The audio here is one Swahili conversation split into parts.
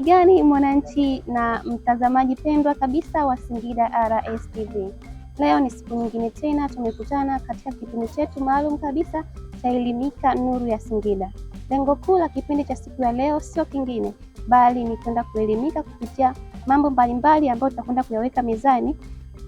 Habari gani mwananchi na mtazamaji pendwa kabisa wa Singida RS TV. Leo ni siku nyingine tena tumekutana katika kipindi chetu maalum kabisa cha Elimika Nuru ya Singida. Lengo kuu la kipindi cha siku ya leo sio kingine bali ni kwenda kuelimika kupitia mambo mbalimbali ambayo tutakwenda kuyaweka mezani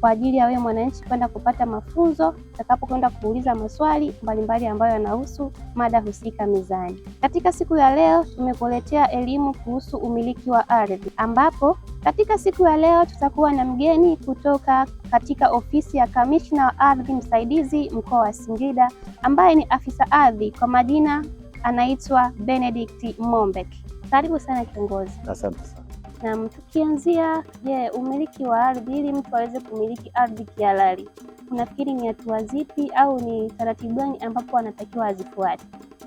kwa ajili ya wewe mwananchi kwenda kupata mafunzo utakapokwenda kuuliza maswali mbalimbali ambayo yanahusu mada husika mizani Katika siku ya leo tumekuletea elimu kuhusu umiliki wa ardhi, ambapo katika siku ya leo tutakuwa na mgeni kutoka katika ofisi ya kamishna wa ardhi msaidizi mkoa wa Singida ambaye ni afisa ardhi, kwa majina anaitwa Benedict Mombek. Karibu sana kiongozi. Asante sana. Naam, tukianzia je, umiliki wa ardhi. Ili mtu aweze kumiliki ardhi kihalali, unafikiri ni hatua zipi au ni taratibu gani ambapo anatakiwa azifuate?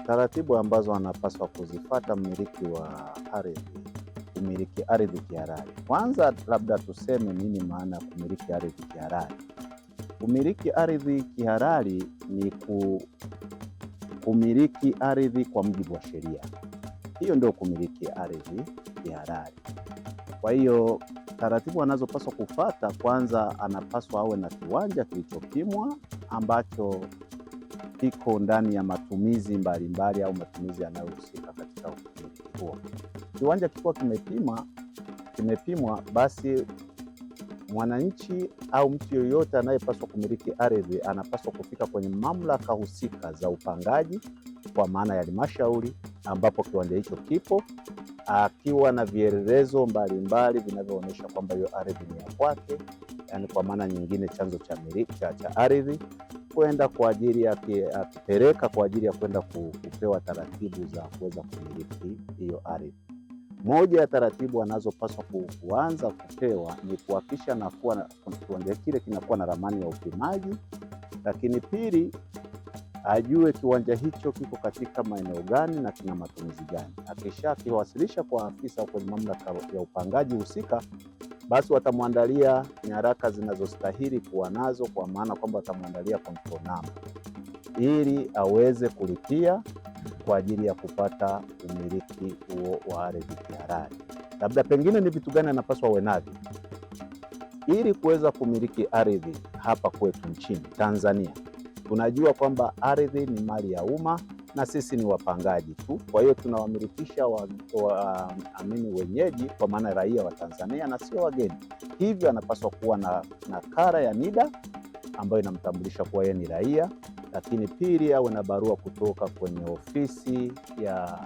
Taratibu ambazo anapaswa kuzifata mmiliki wa ardhi kumiliki ardhi kihalali, kwanza labda tuseme nini maana ya kumiliki ardhi kihalali. Kumiliki ardhi kihalali ni ku, kumiliki ardhi kwa mujibu wa sheria hiyo ndio kumiliki ardhi kihalali. Kwa hiyo taratibu anazopaswa kufata, kwanza anapaswa awe na kiwanja kilichopimwa ambacho kiko ndani ya matumizi mbalimbali au matumizi yanayohusika katika umiliki huo. Kiwanja kikiwa kimepimwa basi mwananchi au mtu yoyote anayepaswa kumiliki ardhi anapaswa kufika kwenye mamlaka husika za upangaji, kwa maana ya halmashauri ambapo kiwanja hicho kipo, akiwa na vielelezo mbalimbali vinavyoonyesha kwamba hiyo ardhi ni ya kwake, yani kwa maana nyingine chanzo cha miliki cha, cha ardhi kwenda kwa ajili ya kupeleka kwa ajili ya kwenda kupewa taratibu za kuweza kumiliki hiyo ardhi. Moja ya taratibu anazopaswa kuanza kupewa ni kuhakikisha na kiwanja kile kinakuwa na ramani ya upimaji, lakini pili ajue kiwanja hicho kiko katika maeneo gani na kina matumizi gani. Akisha akiwasilisha kwa afisa kwenye mamlaka ya upangaji husika, basi watamwandalia nyaraka zinazostahili kuwa nazo, kwa maana kwamba watamwandalia control number ili aweze kulipia kwa ajili ya kupata umiliki huo wa ardhi kihalali. Labda pengine ni vitu gani anapaswa uwe navyo ili kuweza kumiliki ardhi hapa kwetu nchini Tanzania? Tunajua kwamba ardhi ni mali ya umma na sisi ni wapangaji tu, kwa hiyo tunawamilikisha wa, wa, amini wenyeji kwa maana raia wa Tanzania na sio wageni. Hivyo anapaswa kuwa na, na kara ya NIDA ambayo inamtambulisha kuwa yeye ni raia, lakini pili awe na barua kutoka kwenye ofisi ya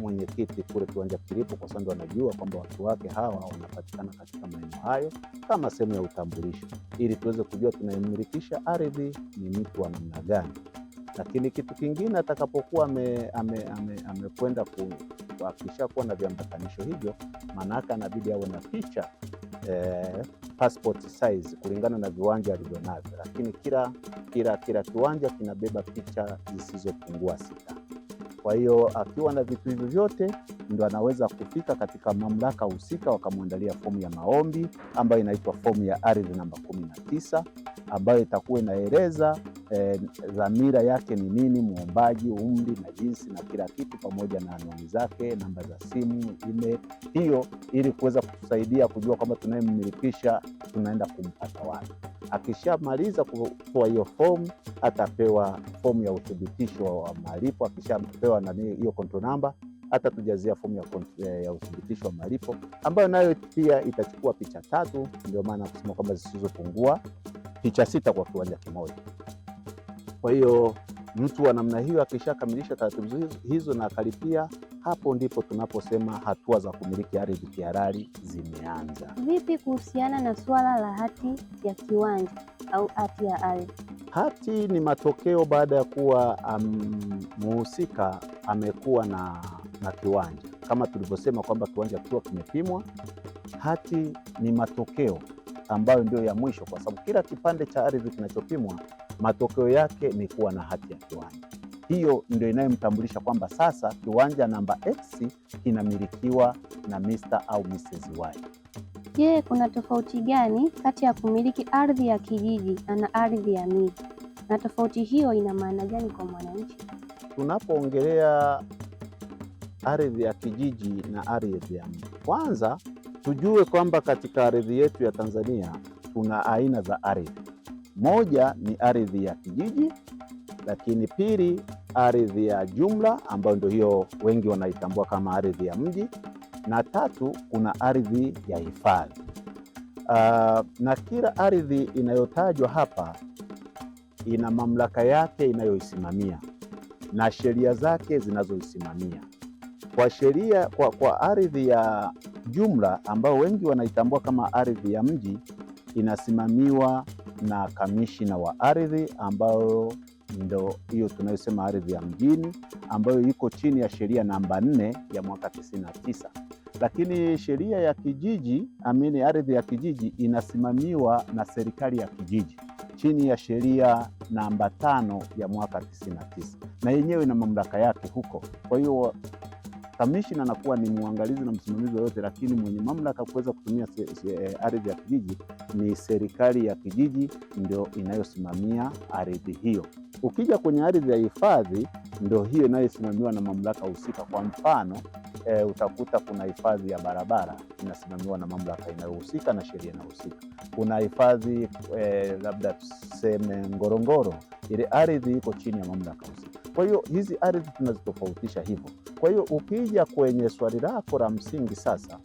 mwenyekiti kule kiwanja kilipo, kwa sababu wanajua kwamba watu wake hawa wanapatikana katika maeneo hayo kama sehemu ya utambulisho, ili tuweze kujua tunayemmilikisha ardhi ni mtu wa namna gani. Lakini kitu kingine, atakapokuwa amekwenda ame, ame, ame kuhakikisha kuwa na viambatanisho hivyo, maanaake anabidi awe na picha eh, passport size kulingana na viwanja alivyonavyo, lakini kila kila kila kiwanja kinabeba picha zisizopungua sita. Kwa hiyo akiwa na vitu hivyo vyote ndo anaweza kufika katika mamlaka husika wakamwandalia fomu ya maombi ambayo inaitwa fomu ya ardhi namba kumi na tisa ambayo itakuwa inaeleza eh, dhamira e, yake ni nini, muombaji, umri na jinsi na kila kitu, pamoja na anwani zake, namba za simu, ime hiyo ili kuweza kutusaidia kujua kwamba tunayemmilikisha tunaenda kumpata wapi. Akishamaliza kutoa hiyo fomu atapewa fomu ya uthibitisho wa malipo. Akishapewa nani hiyo konto hata tujazia fomu ya, ya uthibitisho wa malipo ambayo nayo pia itachukua picha tatu, ndio maana kusema kwamba zisizopungua picha sita kwa kiwanja kimoja. Kwa hiyo mtu wa namna hiyo akishakamilisha taratibu hizo na akalipia, hapo ndipo tunaposema hatua za kumiliki ardhi kihalali zimeanza. Vipi kuhusiana na suala la hati ya kiwanja au hati ya ardhi? Hati ni matokeo baada ya kuwa muhusika um, amekuwa na na kiwanja. Kama tulivyosema kwamba kiwanja kikiwa kimepimwa, hati ni matokeo ambayo ndio ya mwisho, kwa sababu kila kipande cha ardhi kinachopimwa matokeo yake ni kuwa na hati ya kiwanja. Hiyo ndio inayomtambulisha kwamba sasa kiwanja namba X kinamilikiwa na Mr au Mrs Y. Je, kuna tofauti gani kati ya kumiliki ardhi ya kijiji na ardhi ya miji, na tofauti hiyo ina maana gani kwa mwananchi? Tunapoongelea ardhi ya kijiji na ardhi ya mji. Kwanza tujue kwamba katika ardhi yetu ya Tanzania kuna aina za ardhi. Moja ni ardhi ya kijiji, lakini pili ardhi ya jumla ambayo ndio hiyo wengi wanaitambua kama ardhi ya mji, na tatu kuna ardhi ya hifadhi. Uh, na kila ardhi inayotajwa hapa ina mamlaka yake inayoisimamia na sheria zake zinazoisimamia kwa sheria kwa, kwa ardhi ya jumla ambayo wengi wanaitambua kama ardhi ya mji inasimamiwa na kamishina wa ardhi ambayo ndo hiyo tunayosema ardhi ya mjini ambayo iko chini ya sheria namba nne ya mwaka 99, lakini sheria ya kijiji amini, ardhi ya kijiji inasimamiwa na serikali ya kijiji chini ya sheria namba tano ya mwaka 99, na yenyewe ina mamlaka yake huko. Kwa hiyo kamishina anakuwa ni mwangalizi na msimamizi yoyote, lakini mwenye mamlaka kuweza kutumia eh, ardhi ya kijiji ni serikali ya kijiji, ndio inayosimamia ardhi hiyo. Ukija kwenye ardhi ya hifadhi, ndio hiyo inayosimamiwa na mamlaka husika. Kwa mfano e, utakuta kuna hifadhi ya barabara inasimamiwa na mamlaka inayohusika na sheria inayohusika. Kuna hifadhi e, labda tuseme Ngorongoro, ile ardhi iko chini ya mamlaka husika. Kwa hiyo hizi ardhi tunazitofautisha hivyo. Kwa hiyo ukija kwenye swali lako la msingi sasa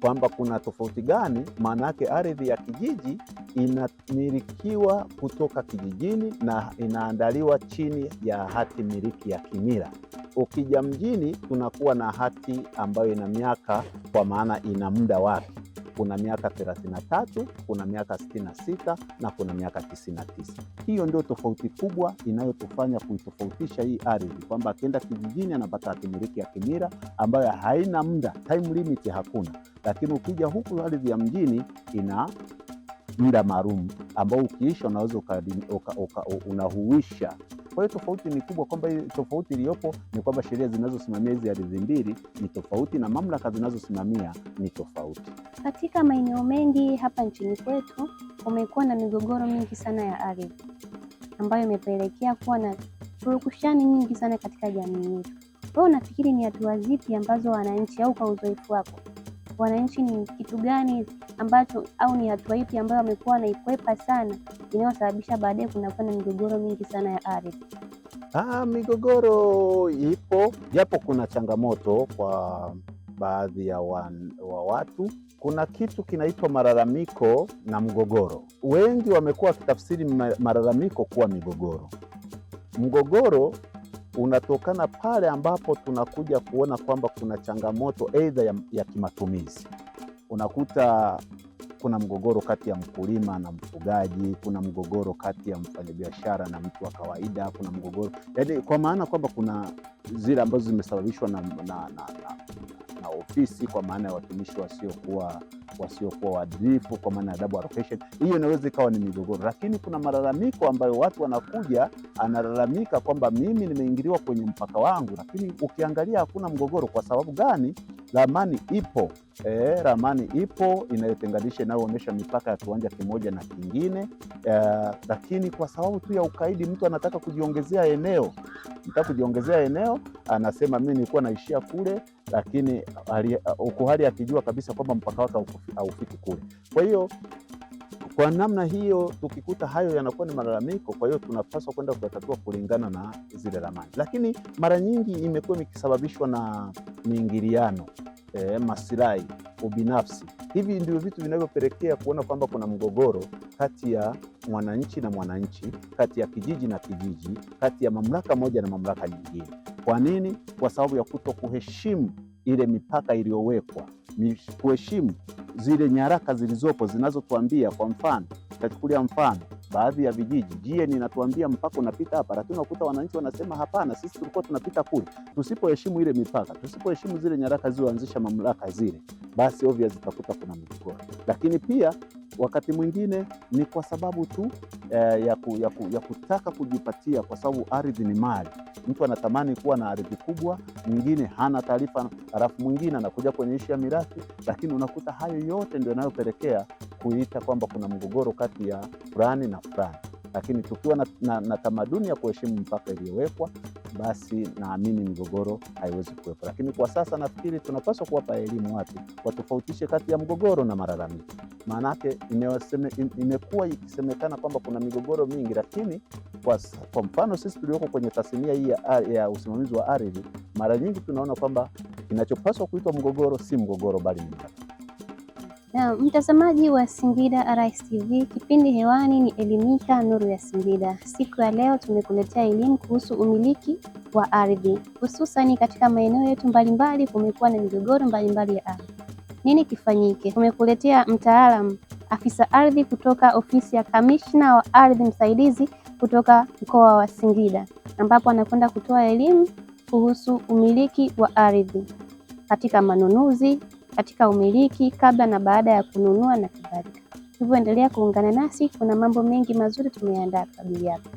kwamba kuna tofauti gani, maana yake ardhi ya kijiji inamilikiwa kutoka kijijini na inaandaliwa chini ya hati miliki ya kimila. Ukija mjini tunakuwa na hati ambayo ina miaka, kwa maana ina muda wake. Kuna miaka 33, kuna miaka 66 na kuna miaka 99. Hiyo ndio tofauti kubwa inayotufanya kuitofautisha hii ardhi, kwamba akienda kijijini anapata hati ya kimira ambayo haina muda, time limit hakuna, lakini ukija huku ardhi ya mjini ina muda maalum ambao ukiisha unaweza unahuisha. Kwa hiyo tofauti ni kubwa, kwamba tofauti iliyopo ni kwamba sheria zinazosimamia hizi ardhi mbili ni tofauti na mamlaka zinazosimamia ni tofauti. Katika maeneo mengi hapa nchini kwetu kumekuwa na migogoro mingi sana ya ardhi ambayo imepelekea kuwa na purukushani nyingi sana katika jamii yetu. Wewe unafikiri ni hatua zipi ambazo wananchi au kwa uzoefu wako wananchi ni kitu gani ambacho au ni hatua ipi ambayo wamekuwa wanaikwepa sana inayosababisha baadaye kunakuwa na migogoro mingi sana ya ardhi? Ah, migogoro ipo japo kuna changamoto kwa baadhi ya wa, wa watu. Kuna kitu kinaitwa malalamiko na mgogoro. Wengi wamekuwa wakitafsiri malalamiko kuwa migogoro. Mgogoro unatokana pale ambapo tunakuja kuona kwamba kuna changamoto aidha ya, ya kimatumizi. Unakuta kuna mgogoro kati ya mkulima na mfugaji, kuna mgogoro kati ya mfanyabiashara na mtu wa kawaida, kuna mgogoro yani, kwa maana kwamba kuna zile ambazo zimesababishwa na, na, na, na na ofisi, kwa maana ya watumishi wasiokuwa wasiokuwa waadilifu, kwa maana ya double allocation. Hiyo inaweza ikawa ni migogoro, lakini kuna malalamiko ambayo watu wanakuja, analalamika kwamba mimi nimeingiliwa kwenye mpaka wangu, lakini ukiangalia hakuna mgogoro. Kwa sababu gani? ramani ipo e, ramani ipo inayotenganisha inayoonyesha mipaka ya kiwanja kimoja na kingine e, lakini kwa sababu tu ya ukaidi, mtu anataka kujiongezea eneo, anataka kujiongezea eneo, anasema mimi nilikuwa naishia kule, lakini uku hali akijua kabisa kwamba mpaka wake haufiki kule, kwa hiyo kwa namna hiyo, tukikuta hayo yanakuwa ni malalamiko, kwa hiyo tunapaswa kwenda kuyatatua kulingana na zile ramani, lakini mara nyingi imekuwa ikisababishwa na miingiliano E, eh, masilahi, ubinafsi. Hivi ndivyo vitu vinavyopelekea kuona kwamba kuna mgogoro kati ya mwananchi na mwananchi, kati ya kijiji na kijiji, kati ya mamlaka moja na mamlaka nyingine. Kwa nini? Kwa sababu ya kuto kuheshimu ile mipaka iliyowekwa ni kuheshimu zile nyaraka zilizopo zinazotuambia. Kwa mfano, nitachukulia mfano baadhi ya vijiji jie ninatuambia mpaka unapita hapa, lakini unakuta wananchi wanasema hapana, sisi tulikuwa tunapita kule. Tusipoheshimu ile mipaka, tusipoheshimu zile nyaraka zilizoanzisha mamlaka zile, basi ovya zitakuta kuna mgogoro. lakini pia Wakati mwingine ni kwa sababu tu eh, ya, ku, ya, ku, ya kutaka kujipatia, kwa sababu ardhi ni mali. Mtu anatamani kuwa na ardhi kubwa, mwingine hana taarifa, halafu mwingine anakuja kwenye ishi ya mirathi, lakini unakuta hayo yote ndio yanayopelekea kuita kwamba kuna mgogoro kati ya fulani na fulani lakini tukiwa na, na, na tamaduni ya kuheshimu mpaka iliyowekwa, basi naamini migogoro haiwezi kuwepo. Lakini kwa sasa nafikiri tunapaswa kuwapa elimu watu watofautishe kati ya mgogoro na malalamiko. Maanake imekuwa ikisemekana kwamba kuna migogoro mingi, lakini kwa, kwa mfano sisi tulioko kwenye tasnia hii ya, ya usimamizi wa ardhi, mara nyingi tunaona kwamba kinachopaswa kuitwa mgogoro si mgogoro, bali ni na mtazamaji wa Singida Arise TV, kipindi hewani ni Elimika Nuru ya Singida. Siku ya leo tumekuletea elimu kuhusu umiliki wa ardhi, hususani katika maeneo yetu mbalimbali kumekuwa na migogoro mbalimbali ya ardhi. Nini kifanyike? Tumekuletea mtaalamu afisa ardhi kutoka ofisi ya kamishna wa ardhi msaidizi kutoka mkoa wa Singida, ambapo anakwenda kutoa elimu kuhusu umiliki wa ardhi katika manunuzi katika umiliki, kabla na baada ya kununua na kadhalika. Hivyo endelea kuungana nasi, kuna mambo mengi mazuri tumeandaa kwa ajili yako.